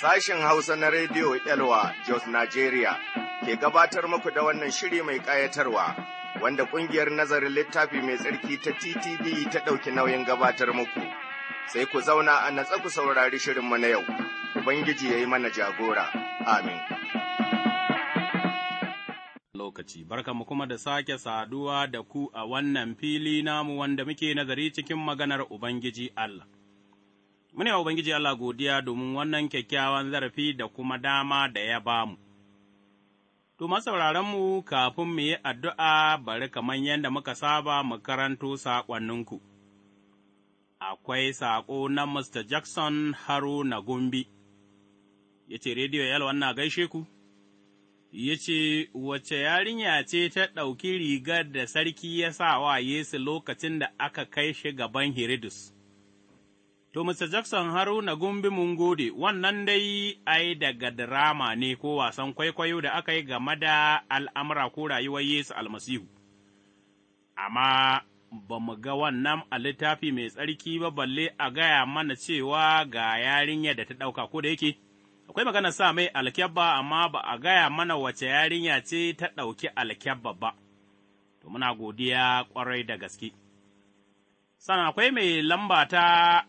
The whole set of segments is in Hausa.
Sashen Hausa na Rediyo Elwa Jos Nigeria ke gabatar muku da wannan shiri mai ƙayatarwa wanda ƙungiyar nazarin littafi mai tsarki ta TTV ta ɗauki nauyin gabatar muku. Sai ku zauna a natsa ku saurari shirinmu na yau, Ubangiji ya yi mana jagora. Amin. Lokaci, barka mu kuma da sake saduwa da ku a wannan fili namu wanda muke nazari cikin maganar Ubangiji Allah. Mune wa Ubangiji Allah godiya domin wannan kyakkyawan zarafi da kuma dama da ya bamu. To, mu kafin mu yi addu'a bari kamar yadda muka saba mu karanto saƙonninku. Akwai saƙo na Mr. Jackson na Gumbi, ya ce, Rediyo Yalwan na gaishe ku? ya ce, Wace yarinya ce ta ɗauki rigar da sarki ya sa wa Yesu lokacin da aka kai shi gaban Hiridus, To, Mr. Jackson Haruna Gumbi mun gode, wannan dai ai daga drama ne ko wasan kwaikwayo da aka yi game da al'amura ko rayuwar Yesu almasihu. Amma ba mu ga wannan a littafi mai tsarki ba balle a gaya mana cewa ga yarinya da ta ɗauka ko da yake, akwai magana sa mai alkyabba amma ba a gaya mana wace yarinya ce ta ɗauki alkyabba ba, to muna godiya ƙwarai da gaske. Sana akwai mai lambata.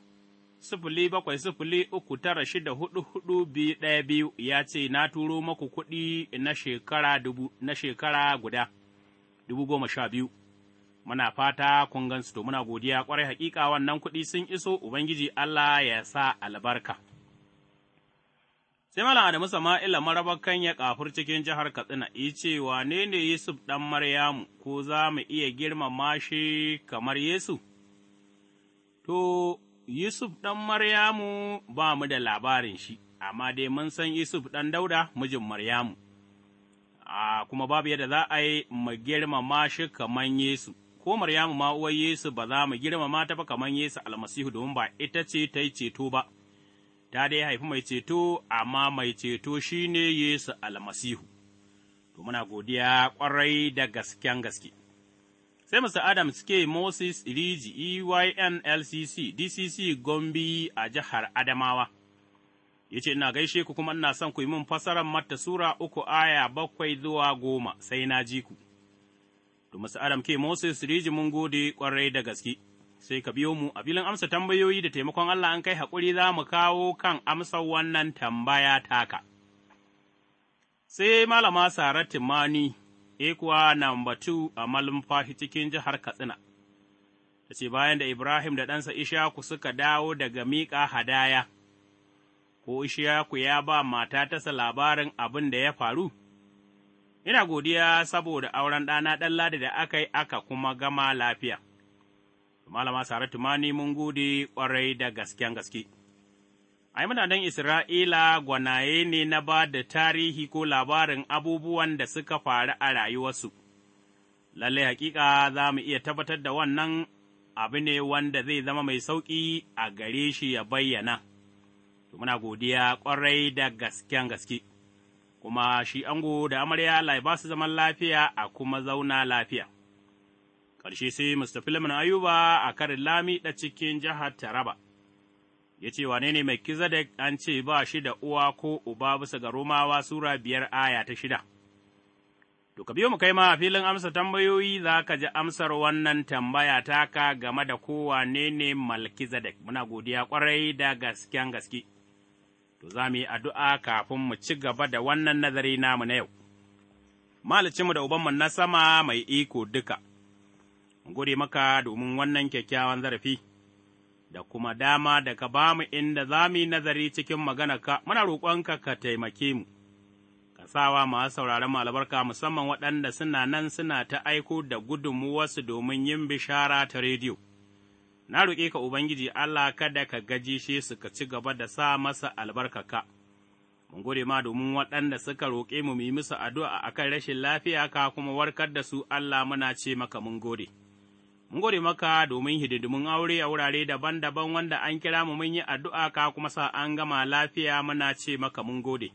sifili bakwai sifili uku tara shida hudu hudu biyu ɗaya biyu ya ce na turo maku kuɗi na shekara dubu na shekara guda dubu goma sha biyu. Muna fata kun gansu to muna godiya kwarai hakika wannan kuɗi sun iso Ubangiji Allah ya sa albarka. Sai Malam Adamu Sama'ila marabakan ya kafur cikin jihar Katsina, ya ce, Wane ne Yusuf dan Maryamu, ko za mu iya girmama shi kamar Yesu? To, Yusuf ɗan Maryamu ba mu da labarin shi, amma dai mun san Yusuf ɗan Dauda mijin Maryamu, a kuma babu yadda za a yi mu girmama shi kaman Yesu, ko Maryamu ma uwa Yesu ba za mu girmama ta ba kaman Yesu almasihu domin ba ita ce ta yi ceto ba, ta dai haifi mai ceto, amma mai ceto shi ne Yesu almasihu. To muna godiya kwarai da gasken gaske. Sai Mr. Adam suke Moses Iriji EYNLCC DCC Gombi a jihar Adamawa. Ya ce, Ina gaishe ku kuma ina son ku yi min fasarar mata Sura uku aya bakwai zuwa goma sai na ji ku. To, Mr. Adam ke Moses Iriji mun gode kwarai da gaske, sai ka biyo mu a filin amsa tambayoyi da taimakon Allah an kai haƙuri za mu kawo kan amsar wannan tambaya taka. Sai Malama Saratu, Mani E kuwa na batu a malumfashi cikin jihar Katsina, ta ce bayan da Ibrahim da ɗansa Ishaku suka dawo daga miƙa hadaya, ko Ishaku ya ba mata tasa labarin abin da ya faru? Ina godiya saboda auren ɗana ɗan ladi da aka yi aka kuma gama lafiya. Malama Saratu Mani mun gode ƙwarai da gasken gaske. Ai, mutanen Isra'ila gwanaye ne na ba da tarihi ko labarin abubuwan da suka faru a rayuwarsu, lallai hakika za mu iya tabbatar da wannan abu ne wanda zai zama mai sauƙi a gare shi ya bayyana. muna godiya ƙwarai da gasken gaske, kuma shi ango da amarya lai ba su zaman lafiya a kuma zauna lafiya. Ƙarshe sai Mr. Filimin Ayuba a karin lami da cikin jihar Taraba. ya ce wane ne Melkizedek an ce ba shi da uwa ko uba bisa ga Romawa Sura biyar aya ta shida. To, ka biyo mu kai ma a filin amsa tambayoyi za ka ji amsar wannan tambaya taka game da kowane ne Malkizadek, muna godiya kwarai da gasken gaske. To, za mu yi addu'a kafin mu ci gaba da wannan nazari namu na yau. Malicinmu da Ubanmu na sama mai iko duka, gode maka domin wannan kyakkyawan zarafi. da kuma dama da ka ba mu inda za mu yi nazari cikin maganarka, muna roƙonka ka taimake mu. Ka sawa masu sauraron mu albarka musamman waɗanda suna nan suna ta aiko da gudunmuwarsu domin yin bishara ta rediyo. Na roƙe ka Ubangiji Allah kada ka gaji su ka ci gaba da sa masa albarkaka. Mun gode ma domin waɗanda suka roƙe mu mu yi musu addu'a akan rashin lafiya ka kuma warkar da su Allah muna ce maka mun gode. mun gode maka domin hidindimun aure a wurare daban-daban wanda an kira mu mun yi addu'a ka kuma sa an gama lafiya muna ce maka mun gode.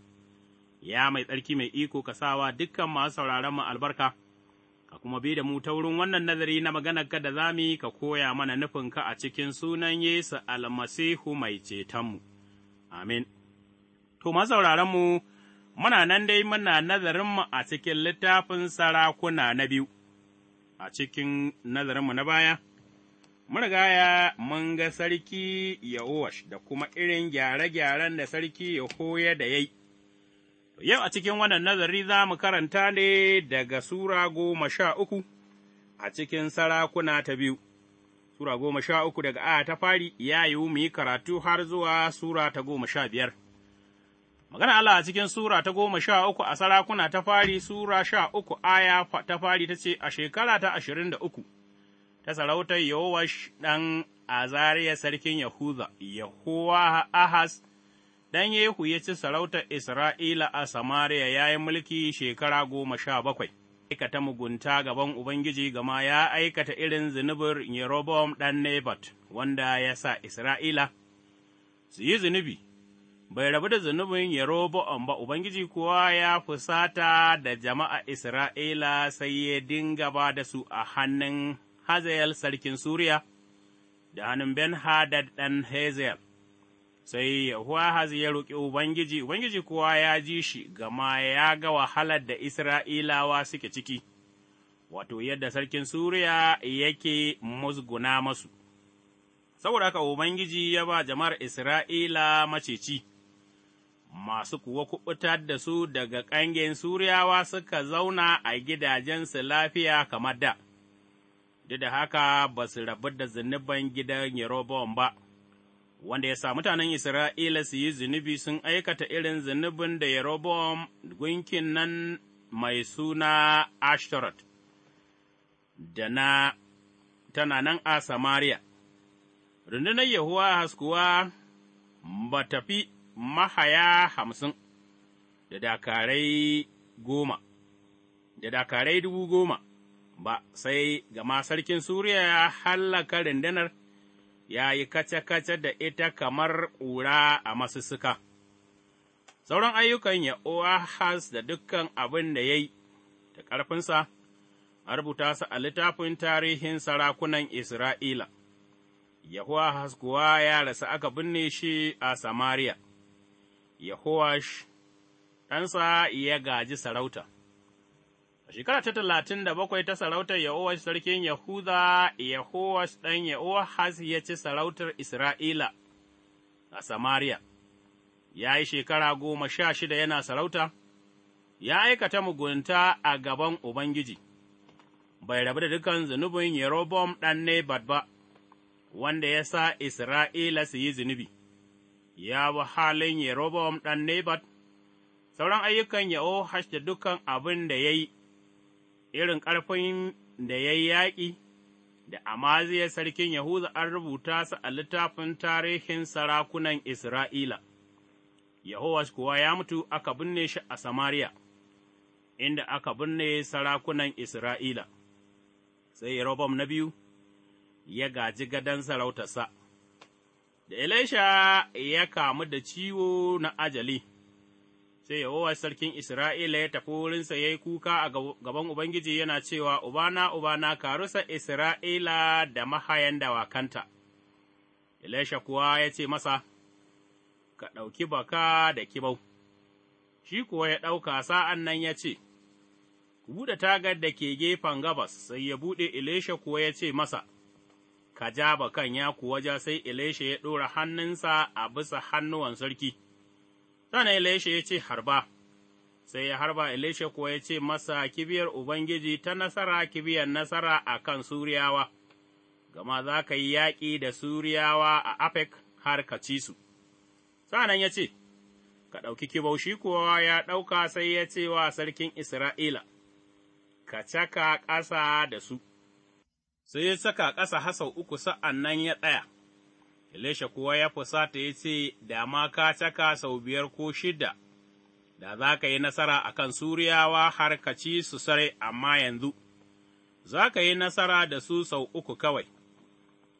Ya mai tsarki mai iko ka sawa dukkan masu sauraron mu albarka, ka kuma bi da mu ta wurin wannan nazari na maganarka da za mu yi ka koya mana nufinka a cikin sunan Yesu almasihu mai cetonmu. Amin. To, masu sauraron muna nan dai muna nazarinmu a cikin littafin sarakuna na biyu. a cikin nazarinmu na baya, mun gaya mun ga sarki Yawash da kuma irin gyare-gyaren da sarki Yahoya da ya Yau a cikin wannan nazari za mu karanta ne daga Sura goma sha uku a cikin sarakuna ta biyu. Sura goma sha uku daga aya ta fari ya yiwu mu karatu har zuwa Sura ta goma sha biyar. Magana Allah a cikin Sura ta goma sha uku a sarakuna ta fari, Sura sha uku aya ta fari ta ce, A shekara ta ashirin da uku, ta sarautar Yowash ɗan Azariya sarkin Yahuza, Yahuwa Ahaz, ɗan Yehu ya ci sarautar Isra'ila a Samariya ya yi mulki shekara goma sha bakwai. Aikata mugunta gaban Ubangiji gama ya aikata irin zunubin Yerobom ɗan Nebat, wanda ya sa Isra'ila su yi zunubi. bai rabu da zunubin Yeroba'am ba, Ubangiji kuwa ya fusata da jama'a Isra'ila sai ya dinga ba da su a hannun Hazayel sarkin Suriya, da hannun Ben Hadad ɗan Hazel. Sai Yahuwa ya roƙi Ubangiji, Ubangiji kuwa ya ji shi, gama ya ga wahalar da Isra'ilawa suke ciki, wato yadda sarkin Suriya yake musguna masu. Saboda haka Ubangiji ya ba jama'ar Isra'ila ci. masu kuwa kuɓutar da su daga ƙangin Suriyawa suka zauna a gidajensu lafiya kamar da, duk da haka ba su rabu da zunuban gidan Yerobon ba, wanda ya sa mutanen Isra'ila su yi zunubi sun aikata irin zunubin da Yerobon gunkin nan mai suna Ashtoreth, da na tana nan a Samariya. Rundunar Yahuwa haskuwa ba tafi mahaya hamsin da dakarai goma, da dakarai dubu goma ba, sai gama sarkin Suriya ya hallaka rundunar ya yi kace-kace da ita kamar ƙura a masussuka. Sauran ayyukan has da dukkan abin da ya yi da ƙarfinsa, a rubuta su a littafin tarihin sarakunan Isra'ila. Yahuwa kuwa ya rasu aka binne shi a Samariya. Yehowash, ɗansa ya gaji sarauta. A shekara ta talatin da bakwai ta sarautar Yehowash sarkin Yahuda, Yehowash ɗan Yehowash ya ci sarautar Isra'ila a Samariya, ya yi shekara goma sha shida yana sarauta, ya aikata mugunta a gaban Ubangiji, bai rabu da dukan zunubin Yerobom ɗan Nebat ba, wanda ya sa Isra'ila su yi zunubi. ya bi halin Yerobowam ɗan Nebat, sauran ayyukan Yehowash da dukan abin da ya yi, irin ƙarfin da ya yi yaƙi, da Amaziya sarkin Yahuza an rubuta su a littafin tarihin sarakunan Isra'ila. Yahowas kuwa ya mutu aka binne shi a Samariya, inda aka binne sarakunan Isra'ila. Sai Yerobam na biyu ya gaji gadon sarautarsa. da Elisha ya kamu da ciwo na ajali, sai Yahowa sarkin Isra'ila ya tafi wurinsa ya yi kuka a gaban Ubangiji yana cewa, Ubana, Ubana, ka rusa Isra'ila da mahayan dawakanta. Elisha kuwa ya ce masa, Ka ɗauki baka da kibau, shi kuwa ya ɗauka sa'an nan ya ce, Ku buɗe tagar da ke gefen gabas, sai ya buɗe Elisha kuwa ya ce masa, Ka kajaba kan ya kuwa sai Elisha ya ɗora hannunsa a bisa hannuwan sarki. Sannan Elisha ya ce harba, sai ya harba Elisha kuwa ya ce masa kibiyar Ubangiji ta nasara kibiyar nasara a kan Suriyawa, gama za ka yi yaƙi da Suriyawa a Afek har ka ci su. Sannan ya ce, Ka ɗauki kibaushi kuwa ya ɗauka sai ya ce wa sarkin Isra'ila, Ka caka ƙasa da su. sai ya saka ƙasa hasau uku sa'an nan ya tsaya. Elisha kuwa ya fusata ya ce, Da ma ka caka sau biyar ko shida, da za ka yi nasara a kan Suriyawa har ka ci su sare, amma yanzu, za ka yi nasara da su sau uku kawai.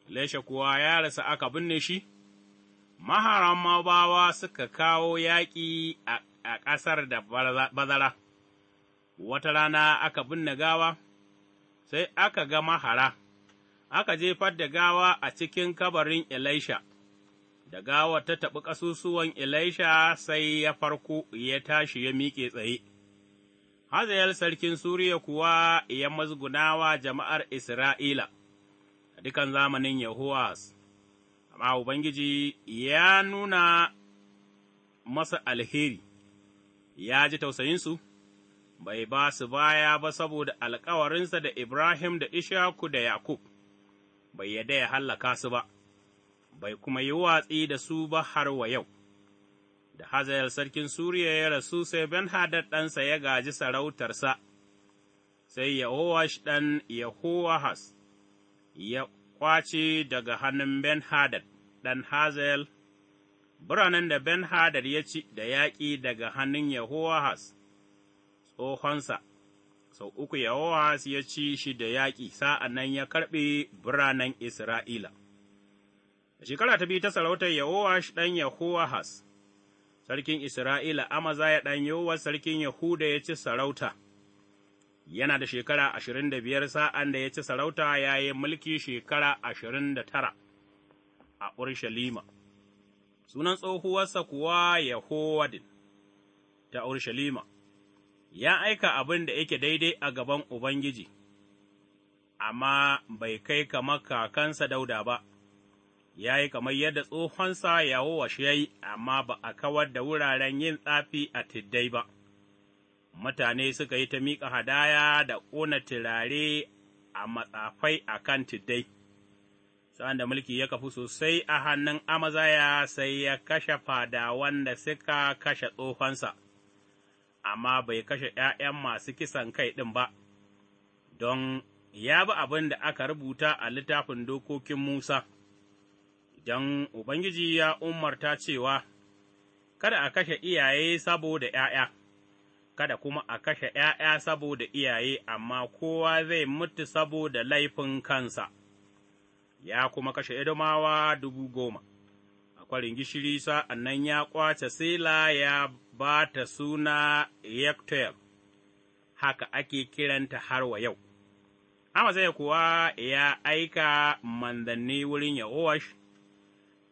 Elisha kuwa ya rasa aka binne shi, maharan mabawa suka kawo yaƙi a ƙasar da bazara, wata rana aka binne gawa. sai aka ga mahara, aka jefar da gawa a cikin kabarin Elisha, da gawa ta taɓi ƙasusuwan Elisha sai ya farko ya tashi ya miƙe tsaye. Hazayel sarkin Suriya kuwa ya mazgunawa jama'ar Isra'ila, a dukan zamanin Yahuwas, amma Ubangiji ya nuna masa alheri, ya ji tausayinsu. bai ba su baya ba saboda alkawarinsa da Ibrahim da Ishaku da Yakub, bai yadda ya hallaka su ba, bai kuma yi watsi da su ba har wa yau. Da Hazayel sarkin Suriya ya rasu sai Ben Hadad ɗansa ya gaji sarautarsa, sai Yahowash ɗan Yahowahas ya kwace daga hannun Ben Hadad ɗan Hazael, biranen da Ben Hadad ya ci da yaƙi daga hannun Yahowahas. tsohonsa, sau so, uku Yawahas ya ci shi da yaƙi, sa'an nan ya karɓe biranen Isra'ila. A shekara ta biyu ta sarautar shi ɗan Yahowahas, sarkin Isra'ila, Amaza ya ɗan Yawa sarkin Yahuda ya ci sarauta, yana da shekara ashirin da biyar sa'an da ya ci sarauta ya yi mulki shekara ashirin da tara a Urshalima. Sunan tsohuwarsa kuwa Yahowadin ta Urshalima. ya aika abin da yake daidai a gaban Ubangiji, amma bai kai kamar kakansa dauda ba, ya yi kamar yadda tsohonsa yawo ya yi, amma ba a kawar da wuraren yin tsafi a tiddai ba. Mutane suka yi ta miƙa hadaya da ƙona turare a matsafai a kan tiddai. sa'an da mulki ya kafu sosai a hannun Amazaya sai ya kashe fada wanda suka kashe tsohonsa. amma bai kashe ’ya'yan masu kisan kai ɗin ba, don ya bi abin da aka rubuta a littafin dokokin Musa, Don Ubangiji ya umarta cewa, Kada a kashe iyaye saboda ’ya'ya, kada kuma a kashe ’ya'ya saboda iyaye, amma kowa zai mutu saboda laifin kansa, ya kuma kashe Edomawa dubu goma. kwarin gishiri sa'an nan ya ƙwace sila ya ba ta suna Yaktoyab, haka ake kiranta har wa yau. Amazai kuwa ya aika manzanni wurin Yahowash,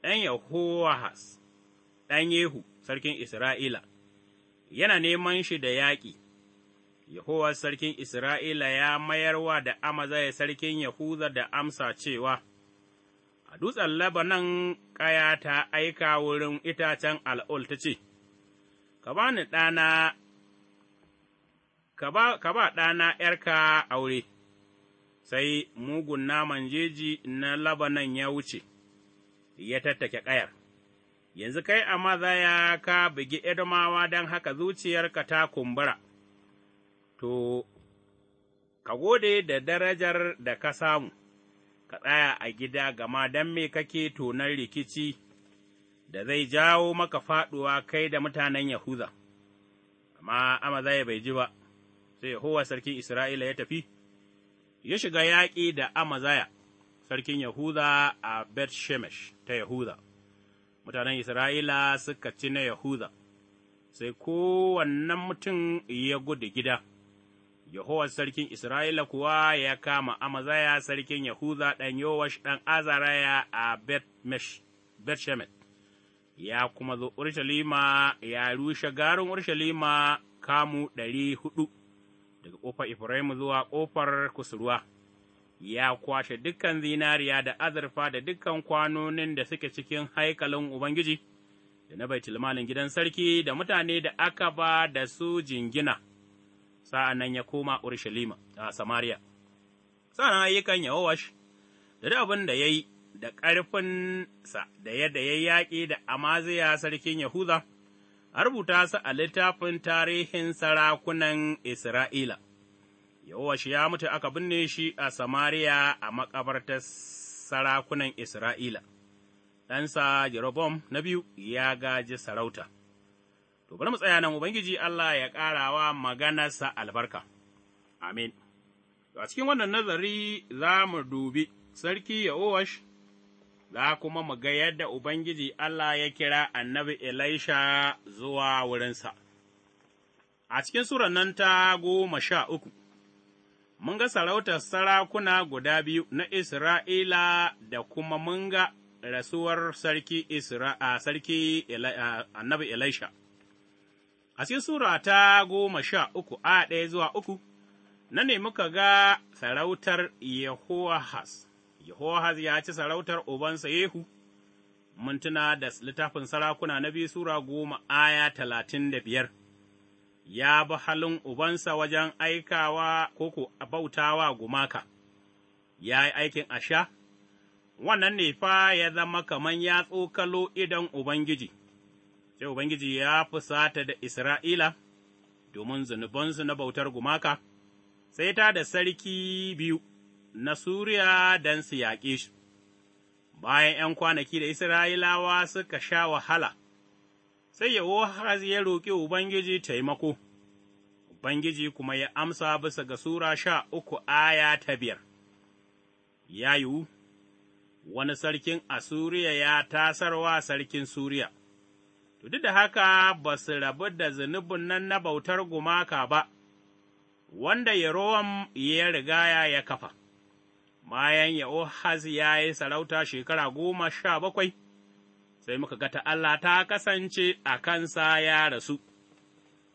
ɗan Yahowahas, ɗan Yehu, sarkin Isra'ila, yana neman shi da yaƙi. Yahowa sarkin Isra'ila ya mayarwa da Amazai sarkin Yahuza da amsa cewa, A dutsen Labanan ƙaya ta aika wurin itacen al'ul ta ce, ka ba ni ɗana, ka ba ɗana ’yarka aure, sai mugun naman jeji na Labanan ya wuce, ya tattake ƙayar. Yanzu kai a mazaya ka bugi Edomawa don haka zuciyarka ta kumbura, to, ka gode da darajar da ka samu, ka tsaya a gida gama don me kake tonar rikici. da zai jawo maka faɗuwa kai da mutanen Yahuza, amma amazaya bai ji ba, sai Yahowa sarkin Isra'ila ya tafi, ya shiga yaƙi da amazaya sarkin Yahuza a Bet Shemesh ta Yahuza, mutanen Isra'ila suka ci na Yahuza, sai kowannen mutum ya gudu gida. Yahowar sarkin Isra'ila kuwa ya kama Amazaya sarkin Yahuza ɗan Yowash ɗan Azaraya a Bet Shemesh. ya kuma zo Urshalima ya rushe garin Urshalima kamu ɗari huɗu daga ƙofar Efraimu zuwa ƙofar kusurwa, ya kwashe dukkan zinariya da azurfa da dukkan kwanonin da suke cikin haikalin Ubangiji, da na baitulmalin gidan sarki da mutane da aka ba da su jingina, sa'an nan ya koma Urshalima a Samariya. Sa'an ayyukan ya'wash, da abin da ya yi, da ƙarfinsa da yadda ya yaƙi da Amaziya sarkin Yahuda, a rubuta su a littafin tarihin sarakunan Isra'ila. Yowash ya mutu aka binne shi a Samariya a makabartar sarakunan Isra'ila. Ɗansa Jerobom na biyu ya gaji sarauta. To, bari mu tsaya nan Ubangiji Allah ya ƙarawa maganarsa albarka. Amin. A cikin wannan nazari za mu dubi Sarki Yowash za kuma mu ga yadda Ubangiji Allah ya kira annabi Elisha zuwa wurinsa. A cikin sura nan ta goma sha uku, mun ga sarautar sarakuna guda biyu na Isra'ila da kuma mun ga rasuwar sarki annabi Elisha. A cikin Sura ta goma sha uku a ɗaya zuwa uku, na ne muka ga sarautar Yehoahaz. Yehohaz ya ci sarautar ubansa Yehu, mun tuna da littafin sarakuna na biyu Sura goma aya talatin da biyar, ya bi halin ubansa wajen aikawa ko ko bautawa gumaka, ya yi aikin asha, wannan ne fa ya zama kamar ya tsokalo idan Ubangiji, sai Ubangiji ya fusata da Isra'ila domin zunubansu na bautar gumaka, sai ta da sarki biyu. na Suriya don su yaƙe shi, bayan ’yan kwanaki da Isra'ilawa suka sha wahala, sai Yehoahaz ya roƙi Ubangiji taimako, Ubangiji kuma ya amsa bisa ga Sura sha uku aya ta biyar. Ya yiwu, wani sarkin Asuriya ya tasarwa sarkin Suriya, tudu duk da haka ba su rabu da zunubin nan na bautar gumaka ba, wanda Yerowam ya rigaya ya kafa. bayan yahaz ya yi sarauta shekara goma sha bakwai, sai muka ga ta Allah ta kasance a kansa ya rasu.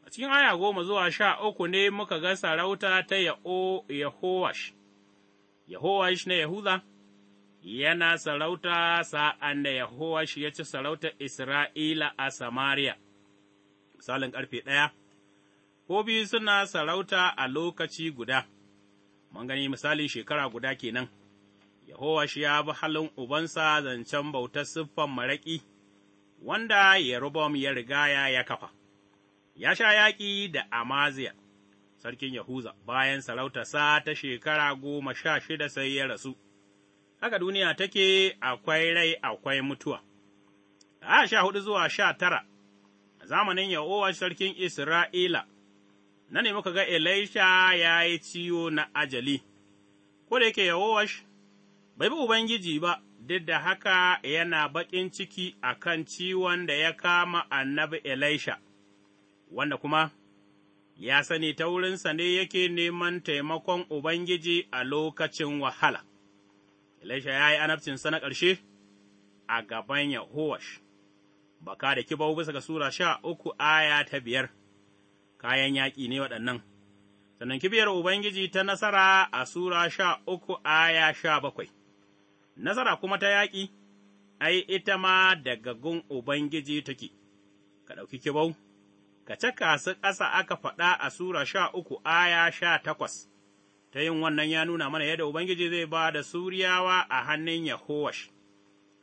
A cikin aya goma zuwa sha uku ne muka ga sarauta ta Yehowash, Yehowash na Yahuda, yana sarauta sa'an da Yehowash ya ci sarautar Isra'ila a Samariya, misalin ƙarfe ɗaya, ko biyu suna sarauta a lokaci guda. mun gani misalin shekara guda kenan. shi ya bi halin ubansa zancen bautar siffan maraƙi, wanda Yerobam ya rigaya ya kafa, ya sha yaƙi da Amaziya, sarkin Yahuza, bayan sarautarsa ta shekara goma sha shida sai ya rasu, haka duniya take akwai rai akwai mutuwa. A sha hudu zuwa sha tara, a zamanin Yahowa sarkin Isra'ila, na ne muka ga Elisha ya yi ciwo na ajali, ko da yake Yawowash bai bi Ubangiji ba, duk da haka yana baƙin ciki a kan ciwon da ya kama annabi Elisha, wanda kuma ya sani ta wurinsa ne yake neman taimakon Ubangiji a lokacin wahala. Elisha ya yi anabcinsa na ƙarshe a gaban Yahowash, baka da kibau bisa ga Sura sha uku aya ta biyar. kayan yaƙi ne waɗannan. Sannan kibiyar Ubangiji ta nasara a Sura sha uku aya sha bakwai, nasara kuma ta yaƙi, ai, ita ma daga gun Ubangiji take, ka ɗauki kibau, ka caka su ƙasa aka faɗa a Sura sha uku aya sha takwas, ta yin wannan ya nuna mana yadda Ubangiji zai ba da Suriyawa a hannun Yahowash.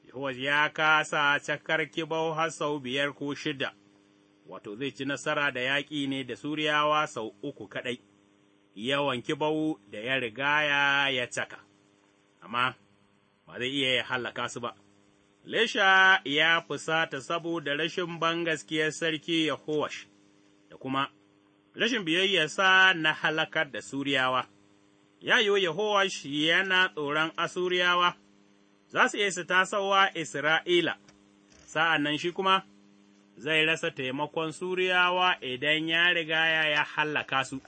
Yahowash ya kasa cakar kibau har sau biyar ko shida. wato zai ci nasara da yaƙi ne da Suriyawa sau uku kaɗai, ya wanki bau da ya rigaya ya caka, amma ba zai iya ya hallaka su ba. Lesha ya fusata saboda rashin bangaskiyar sarki Yahowash da kuma rashin biyayyarsa na halakar da Suriyawa. Ya yi Yahowash yana tsoron Asuriyawa, za su iya su tasowa Isra'ila, sa'an nan shi kuma. zai rasa taimakon Suriyawa idan ya riga ya hallaka su.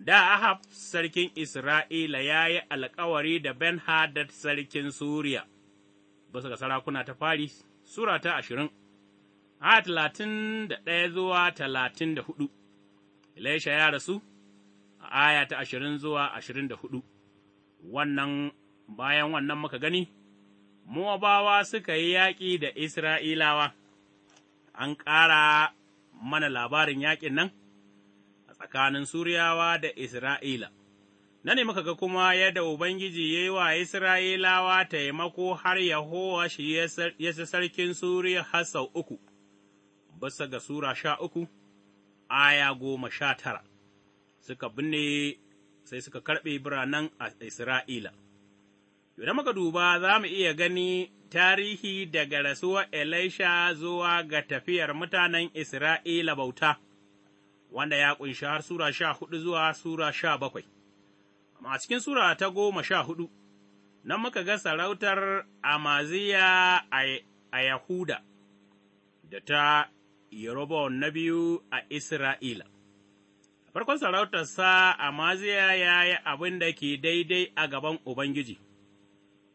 Da Ahab sarkin Isra'ila ya yi alkawari da Ben Hadad sarkin Suriya, bisa ga sarakuna ta fari, Sura ta ashirin, a talatin da ɗaya zuwa talatin da hudu, Elisha ya rasu a aya ta ashirin zuwa ashirin da hudu, wannan bayan wannan muka gani, Mowabawa suka yi yaƙi da Isra'ilawa. an ƙara mana labarin yaƙin nan a tsakanin Suriyawa da Isra'ila. Na ne muka ga kuma yadda Ubangiji ya yi wa Isra'ilawa taimako har Yahowa shi ya ci sarkin Suriya har sau uku, basa ga Sura sha uku, aya goma sha tara, suka binne sai suka karɓe biranen a Isra'ila. Idan muka duba za mu iya gani tarihi daga rasuwar Elisha zuwa ga tafiyar mutanen Isra'ila bauta, wanda ya ƙunshi har Sura sha hudu zuwa Sura sha bakwai, amma a cikin Sura ta goma sha hudu, nan muka ga sarautar Amaziya a Yahuda da ta Yerobon na biyu a Isra'ila. Farkon sarautar sa, Amaziya ya yi abin da ke daidai a gaban Ubangiji.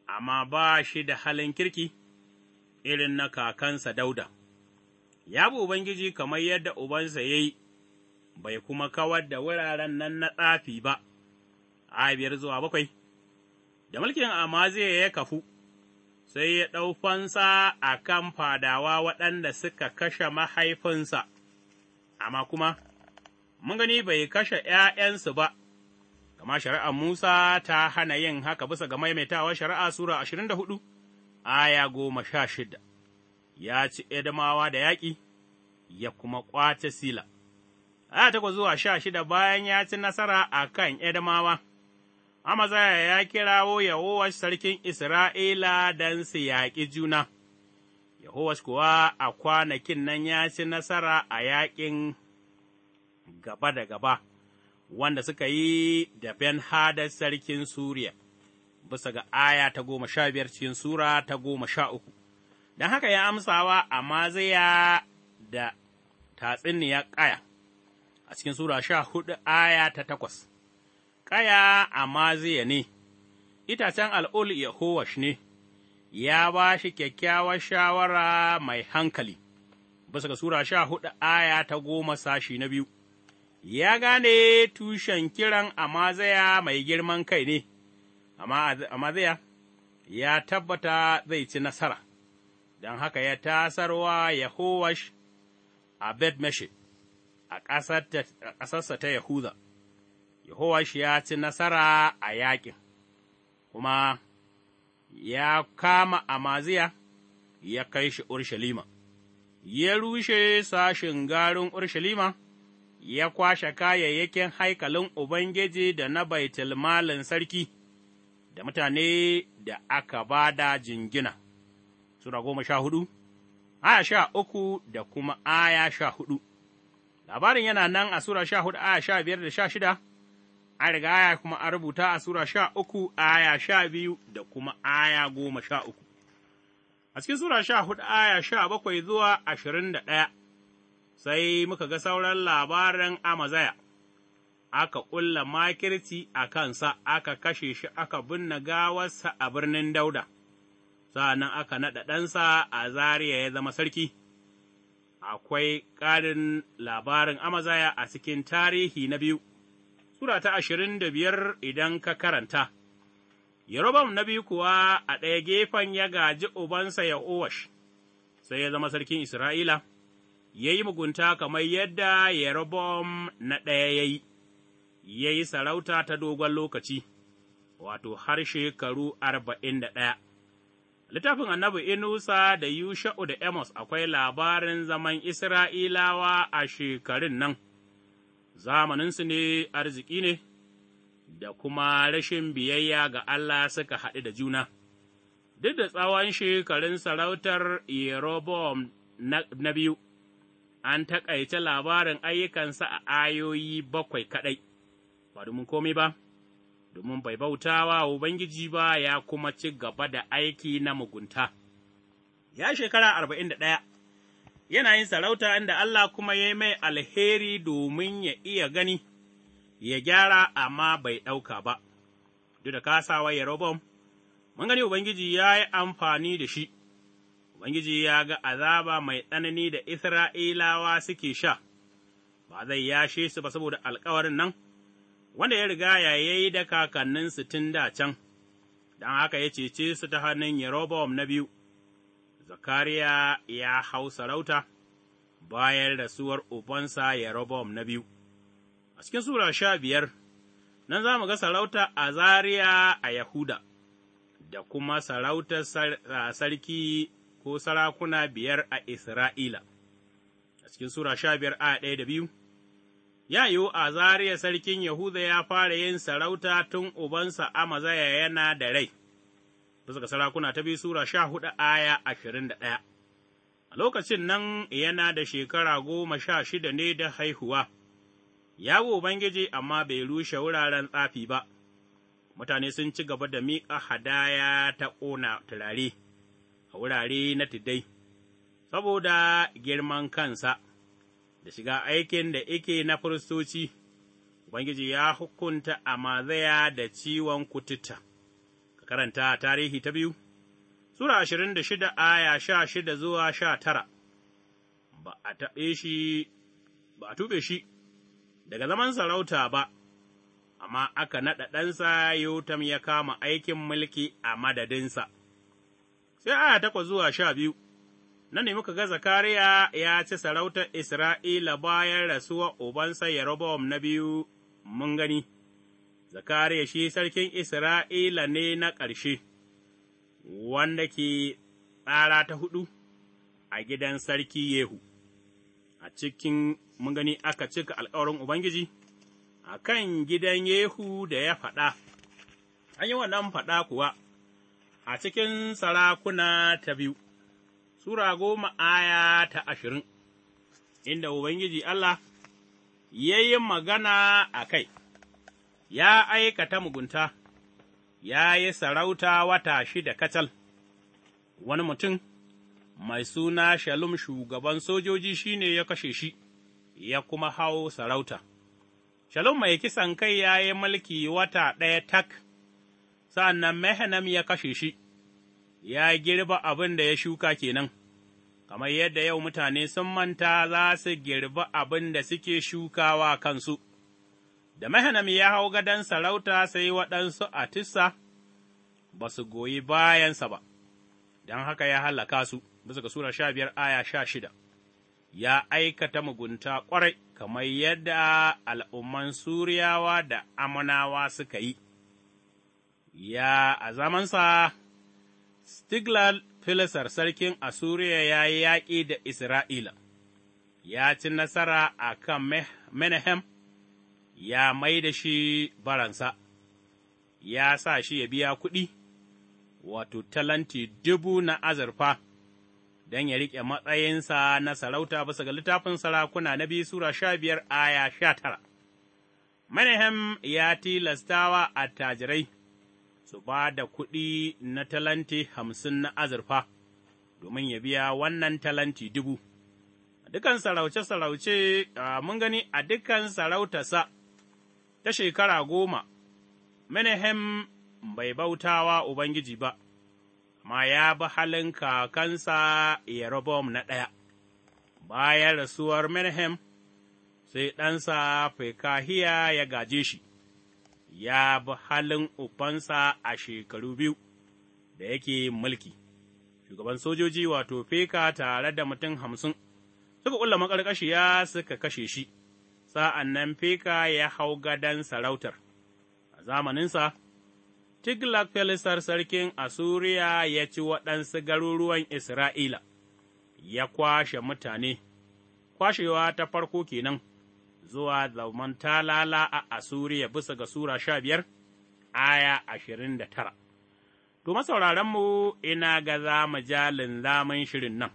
amma ba shi da halin kirki irin na kakansa Dauda, ya bi Ubangiji kamar yadda ubansa ya yi, bai kuma kawar da wuraren nan na tsafi ba, a biyar zuwa bakwai, da mulkin zai ya kafu, sai ya ɗau fansa a kan fadawa waɗanda suka kashe mahaifinsa, amma kuma, mun gani bai kashe ’ya'yansu ba, gama shari'ar Musa ta hana yin haka bisa ga maimaitawa shari'a Sura ashirin da hudu, aya goma sha shida, ya ci edamawa da yaƙi, ya kuma ƙwace Sila. Aya takwas zuwa sha shida bayan ya ci nasara a kan Edomawa, Amazaya ya kirawo Yahowash sarkin Isra'ila don su yaƙi juna, Yahowash kuwa a kwanakin nan ya ci nasara a yaƙin gaba da gaba. wanda suka yi da Ben Hadad sarkin Suriya, bisa ga aya ta goma sha biyar cikin Sura ta goma sha uku, don haka ya amsawa ya da tatsiniyar ƙaya a cikin Sura sha hudu aya ta takwas, ƙaya ya ne, itacen al'ul Yehowash ne, ya ba shi kyakkyawar shawara mai hankali, bisa ga Sura sha hudu aya ta goma sashi na biyu. ya gane tushen kiran Amazaya mai girman kai ne, amma Amazaya ya tabbata zai ci nasara, don haka ya tasarwa Yahowash a Bet-meshe, a ƙasarsa ta Yahuda. Yahowash ya ci nasara a yaƙin, kuma ya kama Amaziya ya kai shi Urshalima, ya rushe sashen garin Urshalima. ya kwashe kayayyakin haikalin Ubangiji da na baitulmalin sarki, da mutane da aka ba da jingina. Sura goma sha hudu, aya sha uku da kuma aya sha hudu. Labarin yana nan a Sura sha hudu aya sha biyar da sha shida, an riga aya kuma an rubuta a Sura sha uku aya sha biyu da kuma aya goma sha uku. A cikin Sura sha hudu aya sha bakwai zuwa ashirin da ɗaya. sai muka ga sauran labarin Amazaya, aka ƙulla makirci a kansa, aka kashe shi, aka binne gawarsa a birnin Dauda, sa'an aka naɗa ɗansa a zariya ya zama sarki. Akwai ƙarin labarin Amazaya a cikin tarihi na biyu, Sura ta ashirin da biyar idan ka karanta. Yerobam na biyu kuwa a ɗaya gefen ya gaji ubansa ya sai ya zama sarkin Isra'ila. ya yi mugunta kamar yadda Yerobom na ɗaya ya yi, ya yi sarauta ta dogon lokaci, wato har shekaru arba'in da ɗaya. Littafin annabi Inusa da Yusha'u da Amos akwai labarin zaman Isra'ilawa a shekarun nan, zamaninsu ne arziki ne, da kuma rashin biyayya ga Allah suka haɗu da juna. Duk da tsawon shekarun sarautar Yerobom na biyu, an taƙaice labarin ayyukansa a ayoyi bakwai kaɗai, ba domin komai ba, domin bai bauta wa Ubangiji ba ya kuma ci gaba da aiki na mugunta. Ya shekara arba'in da ɗaya, yana yin sarauta inda Allah kuma ya yi mai alheri domin ya iya gani, ya gyara amma bai ɗauka ba, duk da kasawa Yerobam, mun gani Ubangiji ya yi amfani da shi. Ubangiji ya ga azaba mai tsanani da Isra'ilawa suke sha, ba zai yashe su ba saboda alkawarin nan, wanda ya riga ya yi da kakanninsu tun da can, don haka ya cece su ta hannun Yerobowam na biyu, Zakariya ya hau sarauta bayan rasuwar ubansa Yerobowam na biyu. A cikin Sura sha biyar, nan za mu ga sarauta a Azariya a Yahuda, da kuma sarautar sarki ko sarakuna biyar a Isra'ila, a cikin Sura sha biyar a ɗaya da biyu, ya yiwu a zariya sarkin Yahuda ya fara yin sarauta tun ubansa Amazaya yana da rai, bisa ga sarakuna ta biyu Sura sha hudu aya ashirin da ɗaya. A lokacin nan yana da shekara goma sha shida ne da haihuwa, ya Ubangiji amma bai rushe wuraren tsafi ba. mutane sun ci gaba da miƙa hadaya ta ƙona turare. a wurare na tuddai, saboda girman kansa, da shiga aikin da ike na firistoci, Ubangiji ya hukunta amazaya da ciwon kututta. Ka karanta tarihi ta biyu, Sura ashirin da shida aya sha shida zuwa sha tara, ba a taɓe shi, ba a tuɓe shi daga zaman sarauta ba. amma aka naɗa ɗansa Yotam ya kama aikin mulki a madadinsa, sai aya takwas zuwa sha biyu, Na nemi ga Zakariya ya ci sarautar Isra'ila bayan rasuwar ubansa Yerobowam na biyu mun gani, Zakariya shi sarkin Isra'ila ne na ƙarshe, wanda ke tsara ta huɗu a gidan sarki Yehu, a cikin mun gani aka cika alkawarin Ubangiji, a kan gidan Yehu da ya faɗa, an yi wannan faɗa kuwa. a cikin sarakuna ta biyu, Sura goma aya ta ashirin, inda Ubangiji Allah ya yi magana a kai, ya aikata mugunta, ya yi sarauta wata shida kacal, wani mutum mai suna Shalum shugaban sojoji shi ne ya kashe shi, ya kuma hau sarauta. Shalom mai kisan kai ya yi mulki wata ɗaya tak. sa'an nan Mehanam ya kashe shi, ya girba abin da ya shuka kenan, kamar yadda yau mutane sun manta za su girba abin da suke shukawa kansu. Da Mehanam ya hau gadon sarauta sai waɗansu a tissa ba su goyi bayansa ba, don haka ya halaka su, bisa ga Sura sha biyar aya sha shida. Ya aikata mugunta ƙwarai, kamar yadda al'umman Suriyawa da Amanawa suka yi. ya a zamansa, Stiglal Filisar sarkin Asuriya, ya yi yaƙi da Isra'ila, ya ci nasara a kan Menahem, ya mai da shi baransa, ya sa shi ya biya kuɗi, wato talanti dubu na azurfa. don ya riƙe matsayinsa na sarauta bisa ga littafin sarakuna na biyu Sura sha biyar aya sha tara. Menahem ya tilastawa tajirai. su ba da kuɗi na talanti hamsin na azurfa, domin ya biya wannan talanti dubu. A dukan sarauce-sarauce, mun gani a dukan sarautarsa ta shekara goma, Menahem bai bautawa Ubangiji ba, amma ya bi halin kakansa Yerobom na ɗaya. Bayan rasuwar Menahem, sai ɗansa Fekahiya ya gaje shi. ya bi halin ubansa a shekaru biyu da yake mulki, shugaban sojoji wato feka tare da mutum hamsin suka ƙulla maƙarƙashiya suka kashe shi, sa'an nan feka ya hau gadon sarautar. A zamaninsa, Tiglak Felisar sarkin Asuriya ya ci waɗansu garuruwan Isra'ila, ya kwashe mutane, kwashewa ta farko kenan. zuwa zaman talala a Asuriya bisa ga Sura sha biyar, aya ashirin da tara. To, masauraranmu ina ga za mu ja zaman shirin nan,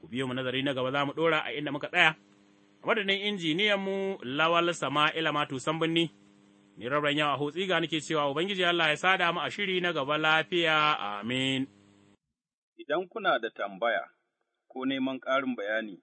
ku biyo mu nazari na gaba za mu ɗora a inda muka tsaya, a madadin injiniyanmu Lawal Sama'ila Matu Sambunni, ni rabin yawa hotsi ga nake cewa Ubangiji Allah ya sada mu a shiri na gaba lafiya, amin. Idan kuna da tambaya ko neman ƙarin bayani,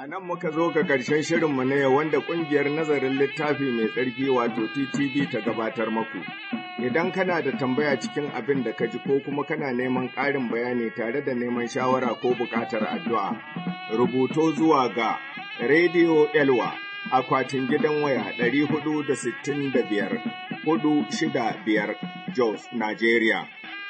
A nan muka zo ga ƙarshen shirinmu ne wanda ƙungiyar nazarin littafi mai tsarki wato TTV ta gabatar maku. Idan kana da tambaya cikin abin da ka ji ko kuma kana neman ƙarin bayani tare da neman shawara ko buƙatar addu'a, rubuto zuwa ga Radio Elwa akwatin gidan waya hudu hudu da da sittin biyar shida biyar Jos, Najeriya.